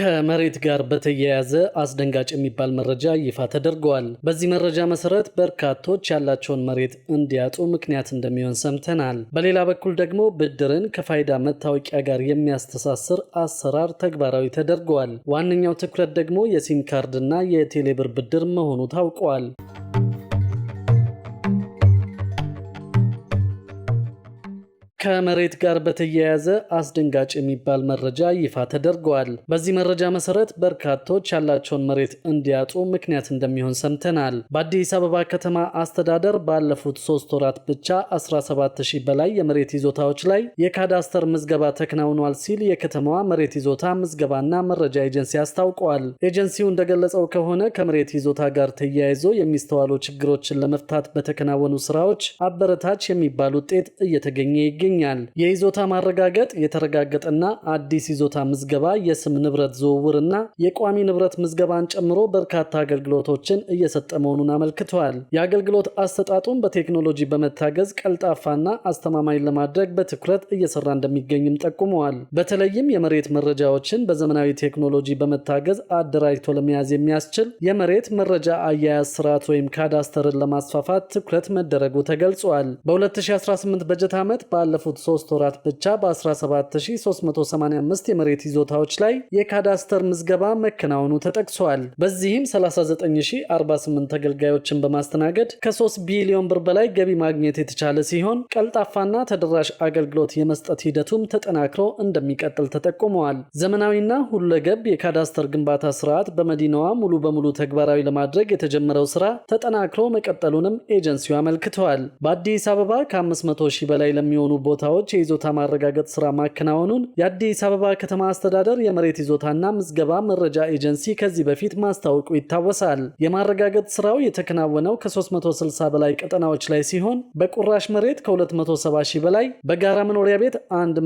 ከመሬት ጋር በተያያዘ አስደንጋጭ የሚባል መረጃ ይፋ ተደርገዋል። በዚህ መረጃ መሰረት በርካቶች ያላቸውን መሬት እንዲያጡ ምክንያት እንደሚሆን ሰምተናል። በሌላ በኩል ደግሞ ብድርን ከፋይዳ መታወቂያ ጋር የሚያስተሳስር አሰራር ተግባራዊ ተደርገዋል። ዋነኛው ትኩረት ደግሞ የሲም ካርድና የቴሌብር ብድር መሆኑ ታውቋል። ከመሬት ጋር በተያያዘ አስደንጋጭ የሚባል መረጃ ይፋ ተደርገዋል። በዚህ መረጃ መሰረት በርካቶች ያላቸውን መሬት እንዲያጡ ምክንያት እንደሚሆን ሰምተናል። በአዲስ አበባ ከተማ አስተዳደር ባለፉት ሶስት ወራት ብቻ 17000 በላይ የመሬት ይዞታዎች ላይ የካዳስተር ምዝገባ ተከናውኗል ሲል የከተማዋ መሬት ይዞታ ምዝገባና መረጃ ኤጀንሲ አስታውቋል። ኤጀንሲው እንደገለጸው ከሆነ ከመሬት ይዞታ ጋር ተያይዞ የሚስተዋሉ ችግሮችን ለመፍታት በተከናወኑ ስራዎች አበረታች የሚባል ውጤት እየተገኘ ይገኛል። ይገኛል። የይዞታ ማረጋገጥ የተረጋገጠና አዲስ ይዞታ ምዝገባ የስም ንብረት ዝውውርና የቋሚ ንብረት ምዝገባን ጨምሮ በርካታ አገልግሎቶችን እየሰጠ መሆኑን አመልክተዋል። የአገልግሎት አሰጣጡን በቴክኖሎጂ በመታገዝ ቀልጣፋና አስተማማኝ ለማድረግ በትኩረት እየሰራ እንደሚገኝም ጠቁመዋል። በተለይም የመሬት መረጃዎችን በዘመናዊ ቴክኖሎጂ በመታገዝ አደራጅቶ ለመያዝ የሚያስችል የመሬት መረጃ አያያዝ ስርዓት ወይም ካዳስተርን ለማስፋፋት ትኩረት መደረጉ ተገልጿል። በ2018 በጀት ዓመት ባለፈው ባለፉት ሶስት ወራት ብቻ በ17385 የመሬት ይዞታዎች ላይ የካዳስተር ምዝገባ መከናወኑ ተጠቅሷል። በዚህም 39048 ተገልጋዮችን በማስተናገድ ከ3 ቢሊዮን ብር በላይ ገቢ ማግኘት የተቻለ ሲሆን ቀልጣፋና ተደራሽ አገልግሎት የመስጠት ሂደቱም ተጠናክሮ እንደሚቀጥል ተጠቁመዋል። ዘመናዊና ሁለገብ የካዳስተር ግንባታ ስርዓት በመዲናዋ ሙሉ በሙሉ ተግባራዊ ለማድረግ የተጀመረው ስራ ተጠናክሮ መቀጠሉንም ኤጀንሲው አመልክተዋል። በአዲስ አበባ ከ500 ሺህ በላይ ለሚሆኑ ቦታዎች የይዞታ ማረጋገጥ ስራ ማከናወኑን የአዲስ አበባ ከተማ አስተዳደር የመሬት ይዞታና ምዝገባ መረጃ ኤጀንሲ ከዚህ በፊት ማስታወቁ ይታወሳል። የማረጋገጥ ስራው የተከናወነው ከ360 በላይ ቀጠናዎች ላይ ሲሆን በቁራሽ መሬት ከ270 ሺህ በላይ በጋራ መኖሪያ ቤት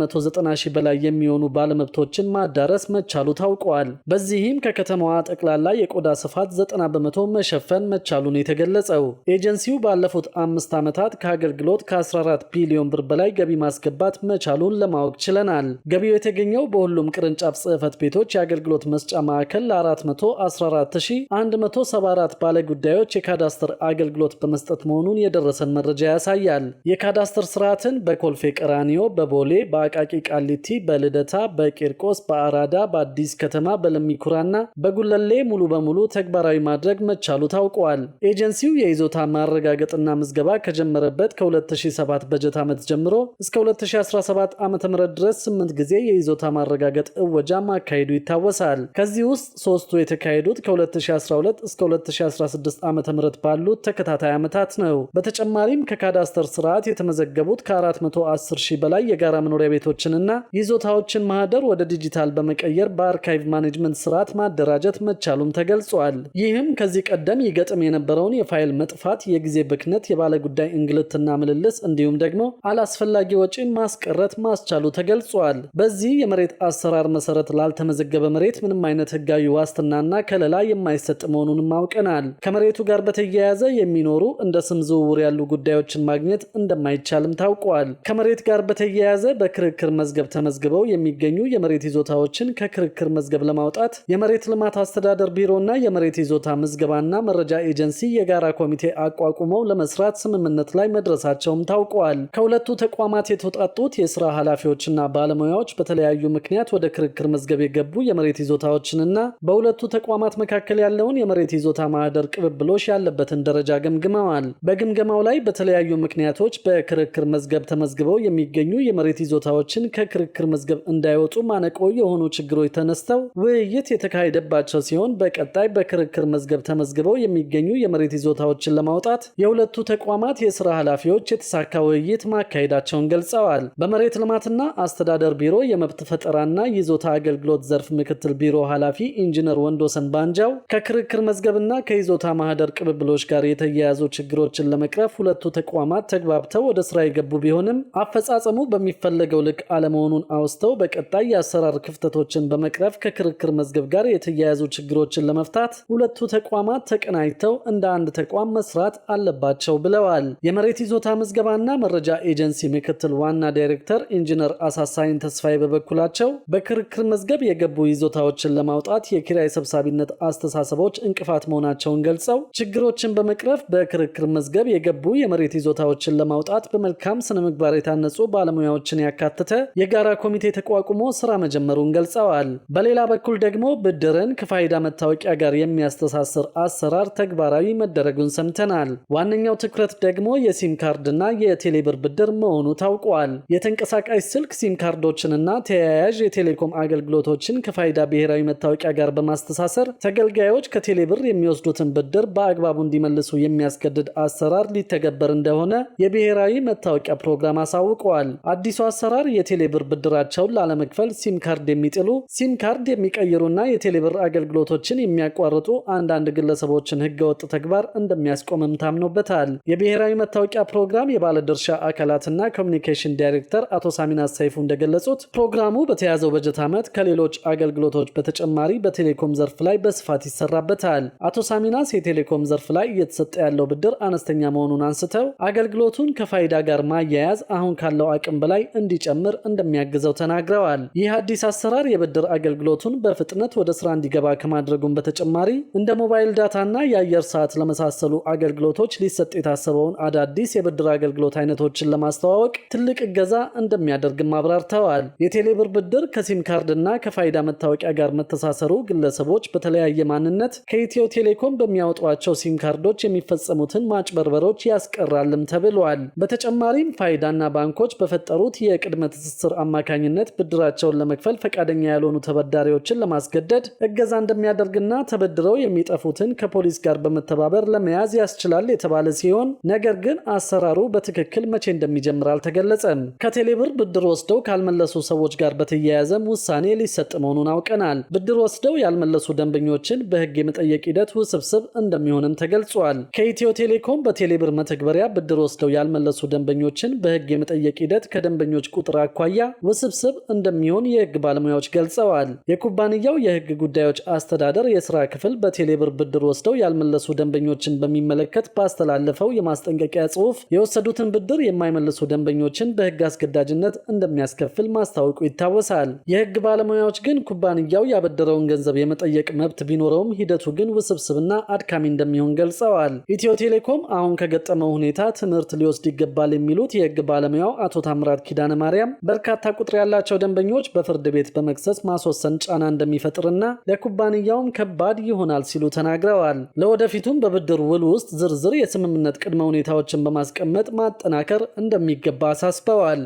190 ሺህ በላይ የሚሆኑ ባለመብቶችን ማዳረስ መቻሉ ታውቋል። በዚህም ከከተማዋ ጠቅላላ የቆዳ ስፋት 90 በመቶ መሸፈን መቻሉን የተገለጸው ኤጀንሲው ባለፉት አምስት ዓመታት ከአገልግሎት ከ14 ቢሊዮን ብር በላይ ገቢ ማስገባት መቻሉን ለማወቅ ችለናል። ገቢው የተገኘው በሁሉም ቅርንጫፍ ጽህፈት ቤቶች የአገልግሎት መስጫ ማዕከል ለ414174 ባለ ጉዳዮች የካዳስተር አገልግሎት በመስጠት መሆኑን የደረሰን መረጃ ያሳያል። የካዳስተር ስርዓትን በኮልፌ ቀራኒዮ፣ በቦሌ፣ በአቃቂ ቃሊቲ፣ በልደታ፣ በቂርቆስ፣ በአራዳ፣ በአዲስ ከተማ፣ በለሚኩራና በጉለሌ ሙሉ በሙሉ ተግባራዊ ማድረግ መቻሉ ታውቋል። ኤጀንሲው የይዞታ ማረጋገጥና ምዝገባ ከጀመረበት ከ2007 በጀት ዓመት ጀምሮ እስከ 2017 ዓ ም ድረስ 8 ጊዜ የይዞታ ማረጋገጥ እወጃ ማካሄዱ ይታወሳል። ከዚህ ውስጥ ሶስቱ የተካሄዱት ከ2012 እስከ 2016 ዓ ም ባሉት ተከታታይ ዓመታት ነው። በተጨማሪም ከካዳስተር ስርዓት የተመዘገቡት ከ410 ሺህ በላይ የጋራ መኖሪያ ቤቶችንና ይዞታዎችን ማህደር ወደ ዲጂታል በመቀየር በአርካይቭ ማኔጅመንት ስርዓት ማደራጀት መቻሉም ተገልጿል። ይህም ከዚህ ቀደም ይገጥም የነበረውን የፋይል መጥፋት፣ የጊዜ ብክነት፣ የባለጉዳይ እንግልትና ምልልስ እንዲሁም ደግሞ አላስፈላጊ አላስፈላጊ ወጪን ማስቀረት ማስቻሉ ተገልጿል። በዚህ የመሬት አሰራር መሰረት ላልተመዘገበ መሬት ምንም አይነት ህጋዊ ዋስትናና ከለላ የማይሰጥ መሆኑንም አውቀናል። ከመሬቱ ጋር በተያያዘ የሚኖሩ እንደ ስም ዝውውር ያሉ ጉዳዮችን ማግኘት እንደማይቻልም ታውቋል። ከመሬት ጋር በተያያዘ በክርክር መዝገብ ተመዝግበው የሚገኙ የመሬት ይዞታዎችን ከክርክር መዝገብ ለማውጣት የመሬት ልማት አስተዳደር ቢሮና የመሬት ይዞታ ምዝገባና መረጃ ኤጀንሲ የጋራ ኮሚቴ አቋቁመው ለመስራት ስምምነት ላይ መድረሳቸውም ታውቋል። ከሁለቱ ተቋማ ከተቋማት የተውጣጡት የስራ ኃላፊዎችና ባለሙያዎች በተለያዩ ምክንያት ወደ ክርክር መዝገብ የገቡ የመሬት ይዞታዎችንና በሁለቱ ተቋማት መካከል ያለውን የመሬት ይዞታ ማህደር ቅብብሎሽ ያለበትን ደረጃ ገምግመዋል። በግምገማው ላይ በተለያዩ ምክንያቶች በክርክር መዝገብ ተመዝግበው የሚገኙ የመሬት ይዞታዎችን ከክርክር መዝገብ እንዳይወጡ ማነቆ የሆኑ ችግሮች ተነስተው ውይይት የተካሄደባቸው ሲሆን በቀጣይ በክርክር መዝገብ ተመዝግበው የሚገኙ የመሬት ይዞታዎችን ለማውጣት የሁለቱ ተቋማት የስራ ኃላፊዎች የተሳካ ውይይት ማካሄዳቸውን መሆናቸውን ገልጸዋል። በመሬት ልማትና አስተዳደር ቢሮ የመብት ፈጠራና ይዞታ አገልግሎት ዘርፍ ምክትል ቢሮ ኃላፊ ኢንጂነር ወንዶሰን ባንጃው ከክርክር መዝገብና ከይዞታ ማህደር ቅብብሎች ጋር የተያያዙ ችግሮችን ለመቅረፍ ሁለቱ ተቋማት ተግባብተው ወደ ስራ የገቡ ቢሆንም አፈጻጸሙ በሚፈለገው ልክ አለመሆኑን አውስተው በቀጣይ የአሰራር ክፍተቶችን በመቅረፍ ከክርክር መዝገብ ጋር የተያያዙ ችግሮችን ለመፍታት ሁለቱ ተቋማት ተቀናጅተው እንደ አንድ ተቋም መስራት አለባቸው ብለዋል። የመሬት ይዞታ ምዝገባና መረጃ ኤጀንሲ ምክትል ምክትል ዋና ዳይሬክተር ኢንጂነር አሳሳይን ተስፋዬ በበኩላቸው በክርክር መዝገብ የገቡ ይዞታዎችን ለማውጣት የኪራይ ሰብሳቢነት አስተሳሰቦች እንቅፋት መሆናቸውን ገልጸው ችግሮችን በመቅረፍ በክርክር መዝገብ የገቡ የመሬት ይዞታዎችን ለማውጣት በመልካም ስነ ምግባር የታነጹ ባለሙያዎችን ያካተተ የጋራ ኮሚቴ ተቋቁሞ ስራ መጀመሩን ገልጸዋል። በሌላ በኩል ደግሞ ብድርን ከፋይዳ መታወቂያ ጋር የሚያስተሳስር አሰራር ተግባራዊ መደረጉን ሰምተናል። ዋነኛው ትኩረት ደግሞ የሲም ካርድና የቴሌብር ብድር መሆኑ ታውቋል። የተንቀሳቃሽ ስልክ ሲም ካርዶችንና ተያያዥ የቴሌኮም አገልግሎቶችን ከፋይዳ ብሔራዊ መታወቂያ ጋር በማስተሳሰር ተገልጋዮች ከቴሌብር የሚወስዱትን ብድር በአግባቡ እንዲመልሱ የሚያስገድድ አሰራር ሊተገበር እንደሆነ የብሔራዊ መታወቂያ ፕሮግራም አሳውቀዋል። አዲሱ አሰራር የቴሌብር ብድራቸውን ላለመክፈል ሲም ካርድ የሚጥሉ ሲም ካርድ የሚቀይሩና የቴሌብር አገልግሎቶችን የሚያቋርጡ አንዳንድ ግለሰቦችን ህገወጥ ተግባር እንደሚያስቆምም ታምኖበታል። የብሔራዊ መታወቂያ ፕሮግራም የባለድርሻ አካላትና ኮሚኒኬሽን ዳይሬክተር አቶ ሳሚናስ ሰይፉ እንደገለጹት ፕሮግራሙ በተያዘው በጀት ዓመት ከሌሎች አገልግሎቶች በተጨማሪ በቴሌኮም ዘርፍ ላይ በስፋት ይሰራበታል። አቶ ሳሚናስ የቴሌኮም ዘርፍ ላይ እየተሰጠ ያለው ብድር አነስተኛ መሆኑን አንስተው አገልግሎቱን ከፋይዳ ጋር ማያያዝ አሁን ካለው አቅም በላይ እንዲጨምር እንደሚያግዘው ተናግረዋል። ይህ አዲስ አሰራር የብድር አገልግሎቱን በፍጥነት ወደ ስራ እንዲገባ ከማድረጉን በተጨማሪ እንደ ሞባይል ዳታና የአየር ሰዓት ለመሳሰሉ አገልግሎቶች ሊሰጥ የታሰበውን አዳዲስ የብድር አገልግሎት አይነቶችን ለማስተዋወቅ ትልቅ እገዛ እንደሚያደርግም አብራርተዋል። የቴሌብር ብድር ከሲም ካርድ ከፋይዳ መታወቂያ ጋር መተሳሰሩ ግለሰቦች በተለያየ ማንነት ከኢትዮ ቴሌኮም በሚያወጧቸው ሲም ካርዶች የሚፈጸሙትን ማጭበርበሮች ያስቀራልም ተብሏል። በተጨማሪም ፋይዳና ባንኮች በፈጠሩት የቅድመ ትስስር አማካኝነት ብድራቸውን ለመክፈል ፈቃደኛ ያልሆኑ ተበዳሪዎችን ለማስገደድ እገዛ እንደሚያደርግና ተበድረው የሚጠፉትን ከፖሊስ ጋር በመተባበር ለመያዝ ያስችላል የተባለ ሲሆን ነገር ግን አሰራሩ በትክክል መቼ እንደሚጀምር አልተገ ተገለጸ። ከቴሌብር ብድር ወስደው ካልመለሱ ሰዎች ጋር በተያያዘም ውሳኔ ሊሰጥ መሆኑን አውቀናል። ብድር ወስደው ያልመለሱ ደንበኞችን በህግ የመጠየቅ ሂደት ውስብስብ እንደሚሆንም ተገልጿል። ከኢትዮ ቴሌኮም በቴሌብር መተግበሪያ ብድር ወስደው ያልመለሱ ደንበኞችን በህግ የመጠየቅ ሂደት ከደንበኞች ቁጥር አኳያ ውስብስብ እንደሚሆን የህግ ባለሙያዎች ገልጸዋል። የኩባንያው የህግ ጉዳዮች አስተዳደር የስራ ክፍል በቴሌብር ብድር ወስደው ያልመለሱ ደንበኞችን በሚመለከት ባስተላለፈው የማስጠንቀቂያ ጽሑፍ የወሰዱትን ብድር የማይመልሱ ደንበኞች ሰራተኞችን በህግ አስገዳጅነት እንደሚያስከፍል ማስታወቁ ይታወሳል። የህግ ባለሙያዎች ግን ኩባንያው ያበደረውን ገንዘብ የመጠየቅ መብት ቢኖረውም ሂደቱ ግን ውስብስብና አድካሚ እንደሚሆን ገልጸዋል። ኢትዮ ቴሌኮም አሁን ከገጠመው ሁኔታ ትምህርት ሊወስድ ይገባል የሚሉት የህግ ባለሙያው አቶ ታምራት ኪዳነ ማርያም በርካታ ቁጥር ያላቸው ደንበኞች በፍርድ ቤት በመክሰስ ማስወሰን ጫና እንደሚፈጥርና ለኩባንያውም ከባድ ይሆናል ሲሉ ተናግረዋል። ለወደፊቱም በብድር ውል ውስጥ ዝርዝር የስምምነት ቅድመ ሁኔታዎችን በማስቀመጥ ማጠናከር እንደሚገባ አሳስበዋል።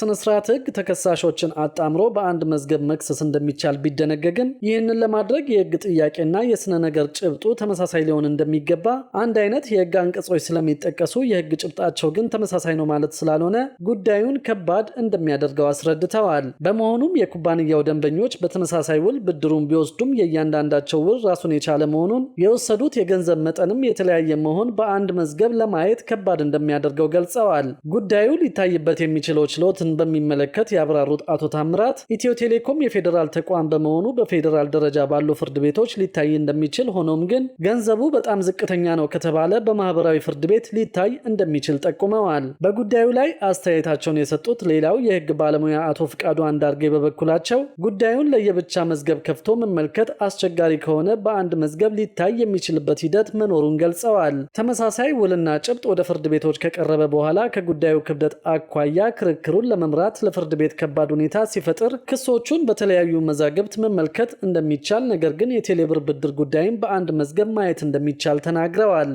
ስነ ስርዓት ህግ ተከሳሾችን አጣምሮ በአንድ መዝገብ መክሰስ እንደሚቻል ቢደነገግም ይህንን ለማድረግ የህግ ጥያቄና የስነ ነገር ጭብጡ ተመሳሳይ ሊሆን እንደሚገባ አንድ አይነት የህግ አንቀጾች ስለሚጠቀሱ የህግ ጭብጣቸው ግን ተመሳሳይ ነው ማለት ስላልሆነ ጉዳዩን ከባድ እንደሚያደርገው አስረድተዋል። በመሆኑም የኩባንያው ደንበኞች በተመሳሳይ ውል ብድሩን ቢወስዱም የእያንዳንዳቸው ውል ራሱን የቻለ መሆኑን የወሰዱት የገንዘብ መጠንም የተለያየ መሆን በአንድ መዝገብ ለማየት ከባድ እንደሚያደርገው ገልጸዋል። ጉዳዩ ሊታይበት የሚችለው ችሎትን በሚመለከት ያብራሩት አቶ ታምራት ኢትዮ ቴሌኮም የፌዴራል ተቋም በመሆኑ በፌዴራል ደረጃ ባሉ ፍርድ ቤቶች ሊታይ እንደሚችል ሆኖም ግን ገንዘቡ በጣም ዝቅተኛ ነው ከተባለ በማህበራዊ ፍርድ ቤት ሊታይ እንደሚችል ጠቁመዋል። በጉዳዩ ላይ አስተያየታቸውን የሰጡት ሌላው የህግ ባለሙያ አቶ ፍቃዱ አንዳርጌ በበኩላቸው ጉዳዩን ለየብቻ መዝገብ ከፍቶ መመልከት አስቸጋሪ ከሆነ በአንድ መዝገብ ሊታይ የሚችልበት ሂደት መኖሩን ገልጸዋል። ተመሳሳይ ውልና ጭብጥ ወደ ፍርድ ቤቶች ከቀረበ በኋላ ከጉዳዩ ክብደ ከመደንገጥ አኳያ ክርክሩን ለመምራት ለፍርድ ቤት ከባድ ሁኔታ ሲፈጥር ክሶቹን በተለያዩ መዛግብት መመልከት እንደሚቻል ነገር ግን የቴሌብር ብድር ጉዳይም በአንድ መዝገብ ማየት እንደሚቻል ተናግረዋል።